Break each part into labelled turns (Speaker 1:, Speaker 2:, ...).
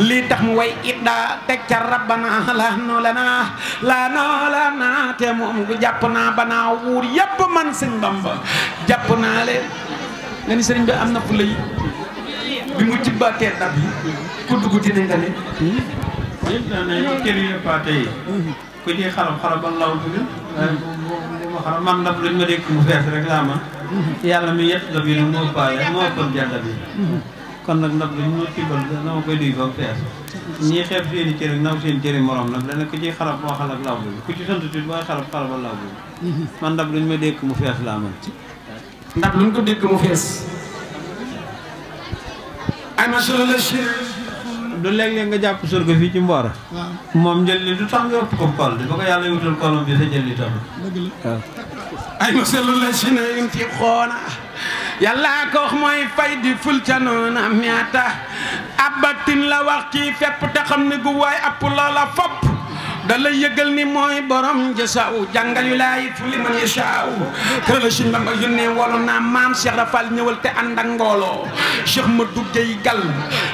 Speaker 1: lii tax mu way idda teg ca rabbana la no la naa la no la naa te moom jàpp naa banaa wuur yépp man sëñ Bamba jàpp naa leen nga ni sëriñ bi am na fu lay bi mu jibbaatee dab yi ku dugg
Speaker 2: dina nga ne yëpp naa ne kër yi paate yi ku ci xaram xaram ba law dugg ma xaram man dab lañ ma mu fees rek laa ma yàlla mi yett dab yi moo paaya moo ëppoon jàll bi kon nag ndab li ñu ma tibbal dana ma koy duy ba mu fees ñii xeeb seen i cëriñ naw seen cëriñ morom nag dana ku ci xarab moo xalab law bi ku ci sant tuuti booy xarab xarabal law bi man ndab lu ma dékk mu fees laa mën ndab lu ko dékk mu fees du léeg-léeg nga jàpp surga fii ci mboora moom jël li du tax nga ëpp ko kol di ba ko yàlla wutal kolom bi sa jël li tam
Speaker 1: waaw
Speaker 2: ay ma selu la si na in ti xoona
Speaker 1: yàlla ko mooy fay di ful ca noona am ñaata abatin la wax ci fépp te xam gu waay app loola fop da lay yëgal ni mooy borom jasaaw jàngal yu laay fu li man yasaaw kër la Sëñ Bamba yónnee wolo naa maam Cheikh Rafal ñëwal te ànd ak mbooloo Cheikh Madou Gueye Gal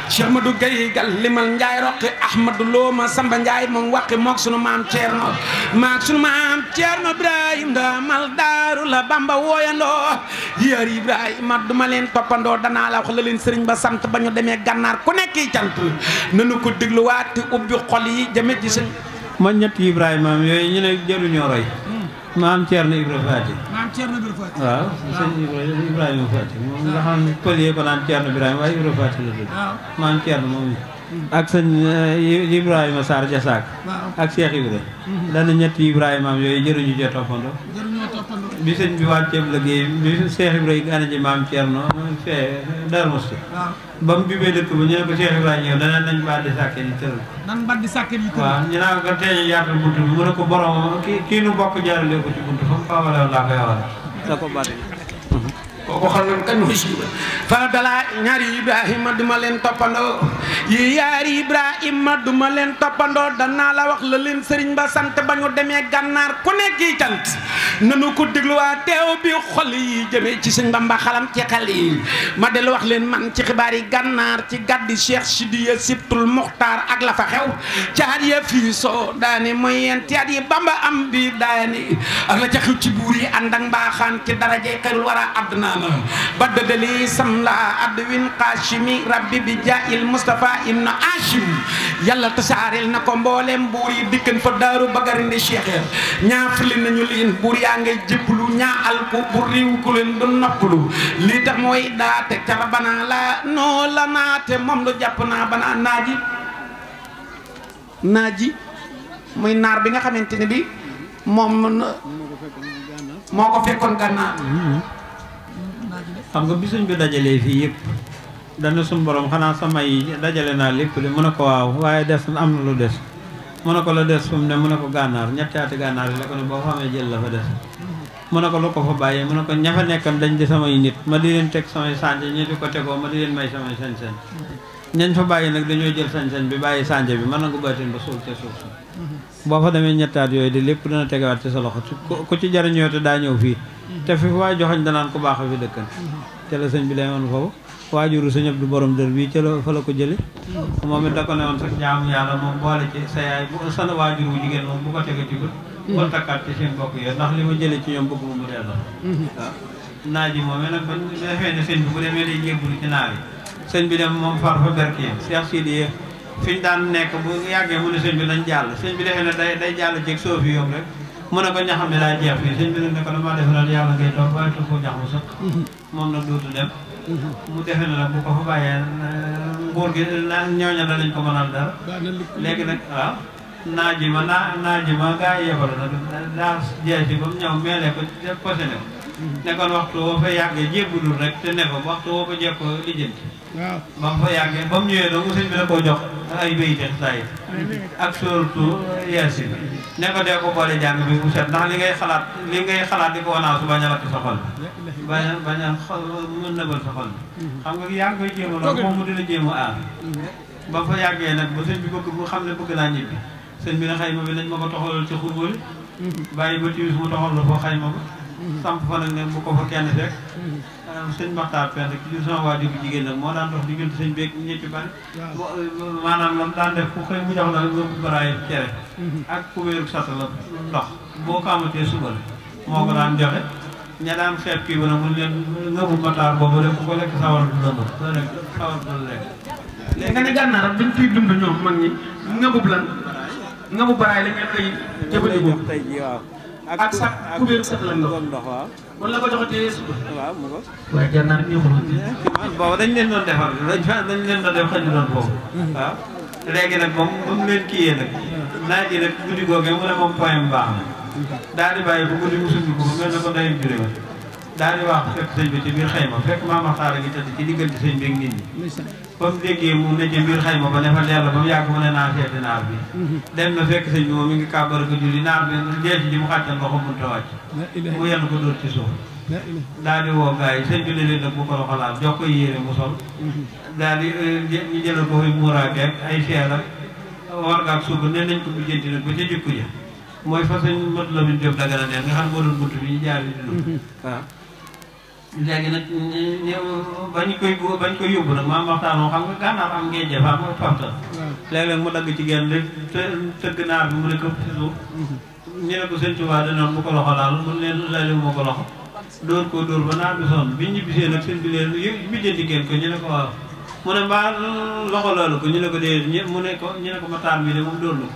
Speaker 1: Cheikh Madou Gueye Gal limal Njaay roqi Ahmadou Lo ma Samba Njaay moom waqi mook sunu maam Ceerno maak sunu maam Ceerno Ibrahim da mal daaru la Bamba wooyandoo yar Ibrahima duma leen toppandoo danaa la wax la leen sëriñ ba sant ba ñu demee gànnaar ku nekk yi cant
Speaker 2: nanu ko dégluwaat te ubbi ma ñetti Ibrahima am yooyu ñu ne jëluñoo roy hmm. maam Thierno Ibrahima Fati.
Speaker 1: maam Thierno Ibrahima Fati. waaw ah. sëñ
Speaker 2: Ibrahima Ibrahima Fati moom nga xam ne pël yee ko naan Thierno Ibrahima waaye Ibrahima Fati la tudd. Ah. maam Thierno moom hmm. ak sëñ eh, Ibrahima Sarr Jasak. ak Cheikh hmm. dana ñetti Ibrahima am yooyu jëruñu jot toppandoo. bi sëñ bi wàcceeb liggéey bi Cheikh Ibrahima ana ji maam Thierno fee Darou Mouhty ba mu jubee dëkk ba ñu ne ko Cheikh Ibrahima ñëw danañ nañ bàddi sàkkeen yi tëral
Speaker 1: nan bàddi sàkkeen yi tëral waaw
Speaker 2: ñu naan ko teeñu yaatal bunt bi mu ne ko borom kii kii nu bokk jaarale ko ci bunt fa mu faa wala laa koy wala da ko bàddi kooku
Speaker 1: xool nañ kan muy siiba fala dala ñaari ibrahima duma leen toppandoo yi yaari ibrahima duma leen toppandoo danaa la wax la leen sëriñ ba sant ba ñu demee gànnaar ku nekk yi cant nanu ko dégluwaa teew bi xol yi jëmee ci sëñ Bamba xalam ci xel yi ma dellu wax leen man ci xibaar yi gànnaar ci gàddi cheikh sidiya sibtul muxtaar ak la fa xew caat ya fii daani mooy yeen caat yi bamba am bi daani ak la ca xew ci buur yi ànd ak mbaaxaan ci daraje بدد لي سملا عدو قاشمي ربي بجاء المصطفى ابن عاشم يلا تسارل نكم بولم بوري ديكن فدارو بغارني شيخ ñaafli nañu leen buur yaa ngay jébbalu ñaaxal ko bu réew ku leen du noppalu lii tax mooy daate cara banaa la noo la naate moom lu jàpp naa banaa naaji naaji muy naar bi nga xamante ne bi moom
Speaker 2: moo ko fekkoon gànnaar xam nga bisuñ ko dajalee fii yëpp dana suñ boroom xanaa sama dajale naa lépp de mu ne ko waaw waaye des am na lu des mu ne ko la des fu mu ne mu ne ko gànnaar ñetti ati gànnaar yi la ko ne boo xamee jël la fa des mu ne ko lu ko fa bàyyee mu ne ko ña fa nekkan dañ di samay nit ma di leen teg samay sànje ñu ko tegoo ma di leen may samay sañ-sañ ñañ fa bàyyi nag dañoo jël sañ-sañ bi bàyyi sànje bi mën na ko baatin ba suul ca suuf boo fa demee ñettaat yooyu de lépp dana tegewaat ci sa loxo ku ci jariñoo te daa ñëw fii mm-hmm. te fi waaye joxoñ danaan ko baax a fi dëkkan mm-hmm. te la sëñ bi lay woon foofu waajuru sëñ Abdu borom dër bii ca la fa la ko jële mm-hmm. moom it da ko ne woon sax jaamu yàlla moom boole ci sa yaay bu sa waajur wu jigéen moom bu ko tege ci bët boo takkaat ci seen bokk li ma jële ci ñoom bëgg mu mu delloo waaw naaj yi moom nag ba defee ne sëñ bi sëñ bi dem moom far fa berkee Seex Sidi fi ñu daan nekk bu yàggee mu ne sëñ bi nañ jàll sëñ bi defee ne day day jàll ci soo yi yomb rek mu ne ko ñaxam ne daa jeex fii sëñ bi nag ne ko damaa defe ne yàlla ngay toog waaye tuut ko ñax mu sax moom nag dootu dem mu defe na la bu ko fa bàyyee nguur gi ñooña danañ ko mënal dara léegi nag waaw naaj yi ma naa naaj yi ma gaa yeefal na daa jeex ci ba ñëw meelee ko posé ne ko ne kon waxtu woo fa yàggee jébbulul rek te ne ko waxtu woo ko jekko lijjanti waaw ba mu fa yàggee ba bi da koo jox ay béy te ak surtout Yaasin ne ko dee ko boole jàng bi bu set li ngay xalaat li ngay xalaat di ko wanaaw su bañ a lakk sa a a xol mën nëbal sa xol nga a a ba fa yàggee nag ba sëñ bi bëgg bu xam ne bëgg naa ñibbi sëñ bi ne xayma bi nañ ma ko toxalal ci xurwali mm-hmm. bàyyi ba tiwis mu toxal la foo xayma ba samp fa nag ne bu ko fa kenn fekk maanaam euh, sëñ Maxtaar Penda ki jur jigéen la moo daan dox diggante sëñ beeg ñi ñëpp bari maanaam lam daan def ku xëy mu jox la lobu baraay cere mm-hmm. ak kubéeru sat ndox boo ko suba la moo ko daan joxe ña daan xeeb kii ba nag mun leen ngëbu Maxtaar boobu rek ku ko lekk sawar du dund doo lekk sawar du lekk léegi nga ne
Speaker 1: gànnaar ak dañ fiy dund ñoom mag ñi ngëbub lan ngëbu baraay la ngeen koy jëfandikoo
Speaker 2: ak sax kubéeru sax la ndox waaw. mun la ko joxatee suba. waaw mu ko. waaye jar naa ñu eh, boobu dañ leen doon defar dañ leen doon def xëy na doon boobu. Hmm. waaw léegi nag moom bu mu leen kii yee nag. naaj hmm. yi nag guddi googee mu ne moom point baax na. Hmm. daal di bàyyi ba guddi mu suñu ko mel ne ko ndeyum jure daañu wax fekk sëñ bi ci biir xayma fekk maam a ngi tëdd ci diggante sëñ bi ak nit ñi. ba mu déggee mu ne ci biir xayma ba ne fa dell ba mu yàgg mu ne naa seeti naar bi. Mhm. dem na fekk sëñ bi moom mi ngi kàbbar ko julli naar bi deesi ji mu xàttan loxo mënut a wàcc. mu yenn ko dóor ci suuf. daal di woo gars yi sëñ bi ne leen nag bu ko loxalaat jox ko yére mu sol. Mhm. daal di euh, ñu jëlal ko fi muuraay ay seel ak war nga ak suuf nee nañ ko bu jënti nag ba ca jëkku ja mooy fa sëñ Mat Lamin Jóob Dagana neen nga xam moo doon bunt bi ñu jaar léegi nag ñëw bañ koy bañ koy yóbbu nag maam waxtaanoo xam nga gànnaar am ngeen jëf am nga pamta léeg-léeg mu dagg ci genn rek te tëgg naar bi mu ne ko ñu ne ko sëñ Tuubaa danoon bu ko loxo laal mu leen lali moo ko loxo dóor koo dóor ba naa bi sonn bi ñibbisee nag sëñ bi leen yë bijjanti ngeen ko ñu ne ko waaw mu ne mbaa loxo loolu ko ñu ne ko déedéet mu ne ko ñu ne ko ma taan bi de moom dóor la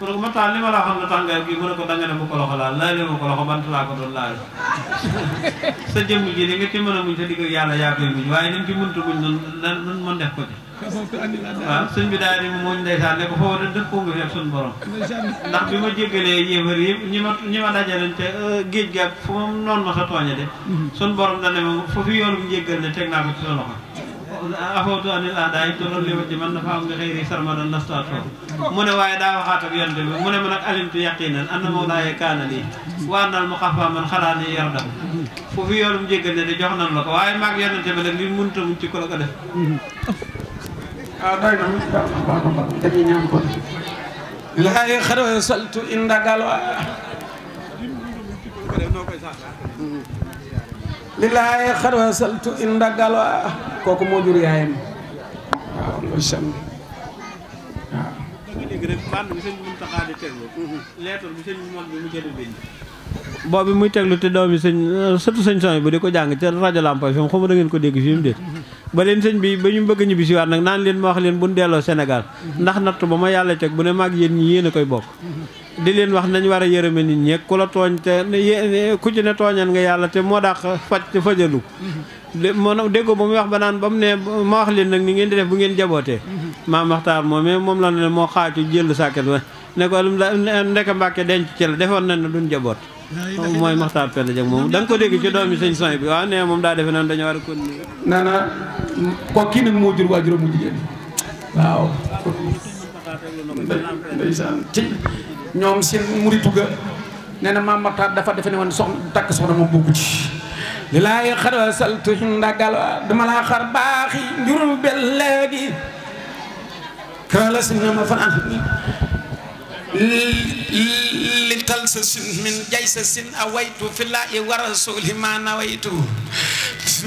Speaker 2: mu ne ko ma taal li ma la waxoon na tàngaay bii mu ne ko danga ne bu ko loxo laal laalee ma ko loxo bant laa ko doon laal sa jëmm ji li ci mën a muñ sa digg yàlla yaa koy muñ waaye nañ ci ko ci waaw sëñ bi nga fi ak borom ndax bi ma jéggalee yéefar yëpp ñi ma ñi ma dajale te euh, géej gi fu ma noonu ma sa tooñe de mm-hmm. suñu borom da ne ma fu fi yoonu njéggal ne teg naa ko ci sa loxo afawtu anil aadaay tolol li wajji man nafa am nga xëyri sarmadan lastaat foofu mu ne waaye daa waxaat ak yonte bi mu ne man ak yaqinan anna mawlaaya kaana lii waanal mu xafa man xalaa ne yor dam fu fi yoonum jéggal ne de jox nan waaye maag yonente bi nag li munta muñ ci ko la
Speaker 1: def ah, lillaahi xarwa saltu inda galwa kooku moo jur yaayam waaw loolu
Speaker 2: bi waaw boobu muy teglu te doom yi sëñ surtout sëñ son bu di ko jàng ca rajo Lampa fi mu xamu ko dégg fii mu déet ba leen sëñ bi ba ñu bëgg ñibbi si waat nag naan leen ma wax leen bu ñu delloo Sénégal mhm. ndax natt ba ma yàlla teg bu ne maag yéen ñi yéen a koy bokk di leen wax nañu war a yërëme nit ñeeg ku la tooñ te ku ci ne tooñal nga yàlla te moo dàq faj te fajalu moo déggoo ba muy wax ba naan ba mu ne ma wax leen nag ni ngeen di def bu ngeen jabootee maam Maxtaar moomee moom la ne moo xaaju jël sàkket ba ne ko ndeka mbàkke denc ci la defoon nañ ne duñ jaboot mooy Maxtaar Penda Dieng moom da ko dégg ci doomi sëñ soñ bi waaw nee moom daa defe naan dañoo war a continuer
Speaker 1: nee na ko kii nag moo jur waajuram mu jigéen waaw ndeysaan ñoom seen muritu ga nee na maam Maxtaar dafa defe ne woon soxna takk soxna moom bugg ci li laay xara saltu ndagal dama laa xar baaxi njurul bel léegi kala si ñoom fan an لتلسس من جيسس اويتو في الله ورسوله ما نويت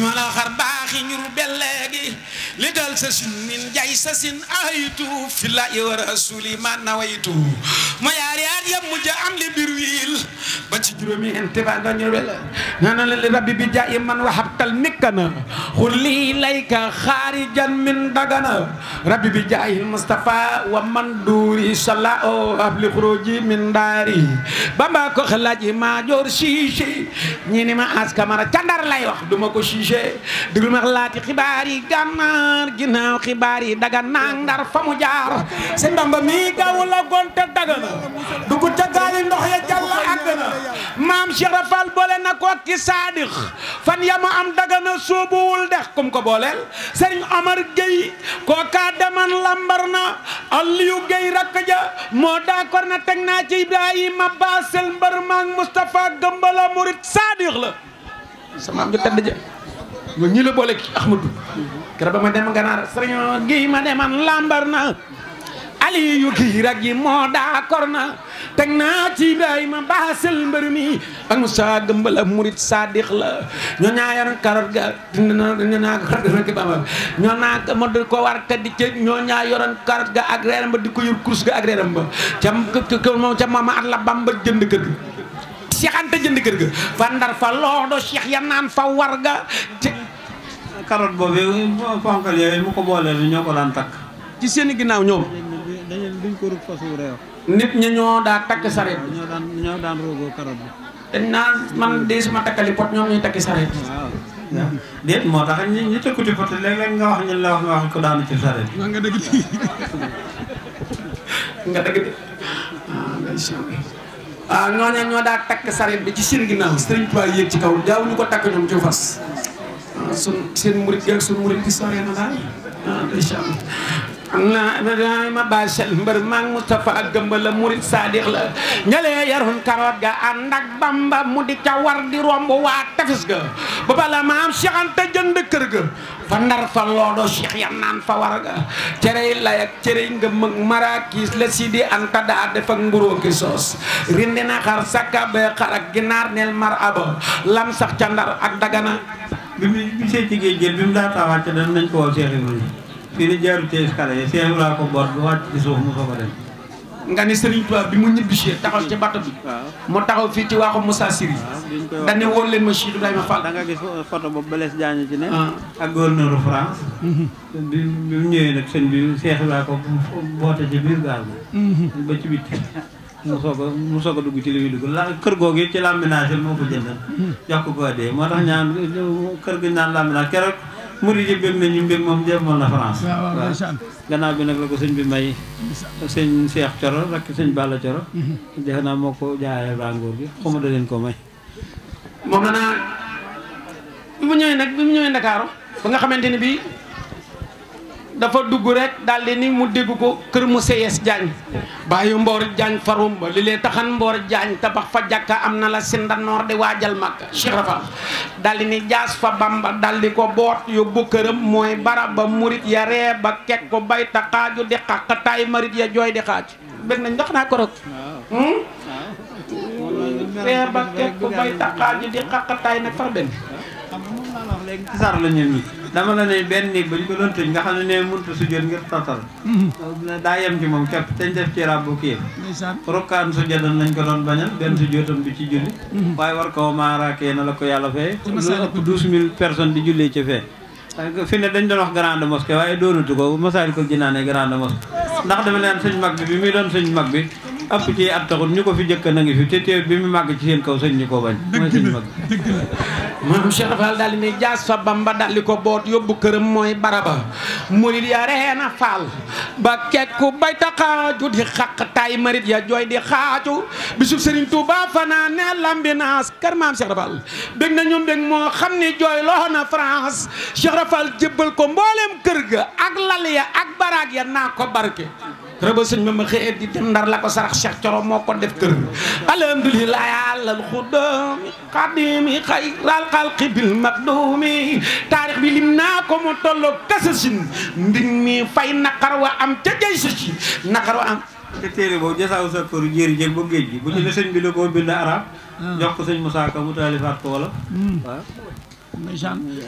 Speaker 1: ما الآخر باخي نور بلاغي لتلسس من جيسس اويتو في الله ورسوله ما نويت ما ياري يا مجا أم لبرويل باتي جرومي انتبا دانيو بلا نانا لربي بجاء من وحبت المكنا خلي ليك خارجا من دغنا rabbi bi jaahil Mustafa wa man duuri sala o abli xuruji min bamba ko xalaji ma joor siise ñi ma as kamara candar lay wax duma ko siise diglu ma xalaati xibaar yi gànnaar ginnaaw xibaar yi daga nang fa mu jaar Bamba mi gawu la gonte daga na dugg gaali ndox ya jàlla àgg maam Cheikh Rafal boole na ko ki saadix fan yama am daga na soobuwul kum ko booleel sëriñ Omar Gueye ko ka deman lambar na Aliou Gueye rakk ja moo d'accord na teg naa ci Ibrahima a mbër maak Moustapha Gëmbala murit saadix la sama am ju tedd ja ñoo ñii boole ki Ahmadou keroog ba ma dem ganaar sëriñ gi ma deman lambar na ali yu gira gi mo da na tekna naa ci Ibrahima baasel mbër mi ak gembal ak murit sadiq la ñu ñaayar yaran ga ñu na ko ga rek baam ñu na ko war ka di ci ñu ñaay yoron karot ga ak reeram ba di ko yur kurs ga ak reeram ba cham ko cham maama at la bamba jënd kër Cheikh jënd kër ga fa ndar fa loodo Cheikh ya nan fa war ga
Speaker 2: karot bobé ponkal yooyu mu ko bolé ñoko lan tak ci seen ginnaaw ñom duñ ko rub fasu reew nit ñi ñoo daa takk saret ñoo daan ñoo daan rogo
Speaker 1: karab bi man de suma takkali pot ñoom ñuy takki saret waaw
Speaker 2: déet tax ñi ñi tëkkuti pot léeg-léeg nga wax ñu la wax nga wax ko daanu ci nga ci nga ah ngay ah ñoo daa
Speaker 1: takk saret bi ci seen ginnaaw sëriñ Tuubaa yéeg ci kaw ñoom ci fas ah, sun seen murid geeg sun murid gi sore na daal ah ma basel mbër maag Moustapha ak gëmba la murit saadix la ñalee yarun karoot ga ànd Bamba mu di ca war di romb waa tefes ga ba bala maam Cheikh Anta jënd kër ga fa ndar fa loodo Cheikh ya naan fa war ga cerey lay cerey ngëm ak la Sidi Anta daa def ak soos rindi na xar sakka bee
Speaker 2: xar ak ginaar neel mar aba lam sax ca ndar ak dagana bi mu gisee ci géej bi mu daa tawaat ca dana nañ ko waaw Cheikh fii di jaaru ci escalier yi Cheikh Ibrahima ko boot ba wàcc suuf mu soog a dem. nga ne Serigne Touba bi mu ñibbi taxaw ci bato bi. mu taxaw fii ci waaxu Moussa Siri. waaw dañ ne woon leen ma Cheikh Ibrahima ah, Fall. da nga gis photo boobu Blaise Diagne ci ne. Ah. ak gouverneur France. Mhm. bi bi mu ñëwee nag sëñ bi Cheikh Ibrahima ko boote ci biir gaal bi. Mhm. ba ci bitti. mu soog a mu soog a dugg ci li muy dugg la kër googu it ci laminage moo ko jëndal. Mhm. jox ko ko dee moo tax ñaan kër gi ñu naan keroog. murid yi bëgg nañu mbir moom jéemoon na France waaw gannaaw bi nag la ko sëñ bi may sëñ Cheikh Coro rek sëñ Balla Coro mhm. defe naa moo ko jaayee rangoor bi xaw ma da leen ko may moom la naa bi mu ñëwee nag bi mu ñëwee Ndakaaru
Speaker 1: ba nga xamante ni bii dafa dugg rek daal ni mu dégg ko kër mu seyees jaañ bàyyi mboor jaañ fa ba li lee taxan mboor jaañ tabax fa jàkka am na la sindanoor di waajal màkk Cheikh Rafa daal di ni jaas fa bamba daal ko boot yóbbu këram mooy barab ba murit ya ree ba kek ko bay ta xaaju di xaqataay marit ya jooy di xaaju bëgg nañ ndax naa ko rek hmm?
Speaker 2: ree ba kek ko bay ta di xaqataay nag far benn xam nga la wax léegi ci sar la ñun dama la benn néeg ba ñu ko doon tëj nga xam ne ne mënut a sujjoon ngir tatal mhm. daa yem ci moom képp dañ def ci rab bu kii rokkaan sujjootam lañ ko doon bañal benn sujjootam du ci julli mhm. waaye war ko maaraakee na la ko yàlla fee lu ëpp douze mille personnes di jullee ci fee fi ne dañ doon wax grande mosquée waaye doonatu ko masaal ko jinaane grande mosquée ndax dama leen sëñ mag bi bi muy doon sëñ mag bi ëpp ci at taxul ñu ko fi jëkk na ngi fi bi mu màgg ci ko bañ mooy sëñ maam Cheikh Fall daal ni jaas fa Bamba daal di
Speaker 1: ko boot yóbbu këram mooy baraba murit ya reen a faal ba kekku bay taxaaju di xaq tay marit ya jooy di xaaju bisub Serigne Touba fanaan ne lambinaas kër maam Cheikh Fall bég na ñoom bég moo xam ni jooy loxo na France Cheikh Fall jébbal ko mbooleem kër ga ak lal ya ak baraag ya naa ko barke rëba sëñ ma ma xëyet di dem ndar la ko sarax Cheikh Coro moo ko def kër alhamdulilah yàllal xuddami xadimi xayral xalqi bil maqdumi taarix bi lim naa ko mu tolloo kasasin mbir mi fay naqar wa am ca jay su ci
Speaker 2: naqar wa am te téere boobu jasaaw sa koru jéeri jël ba géej gi bu ñu ne sëñ bi la koo bind arab hmm. jox ko sëñ Moussa Ka mu taalifaat ko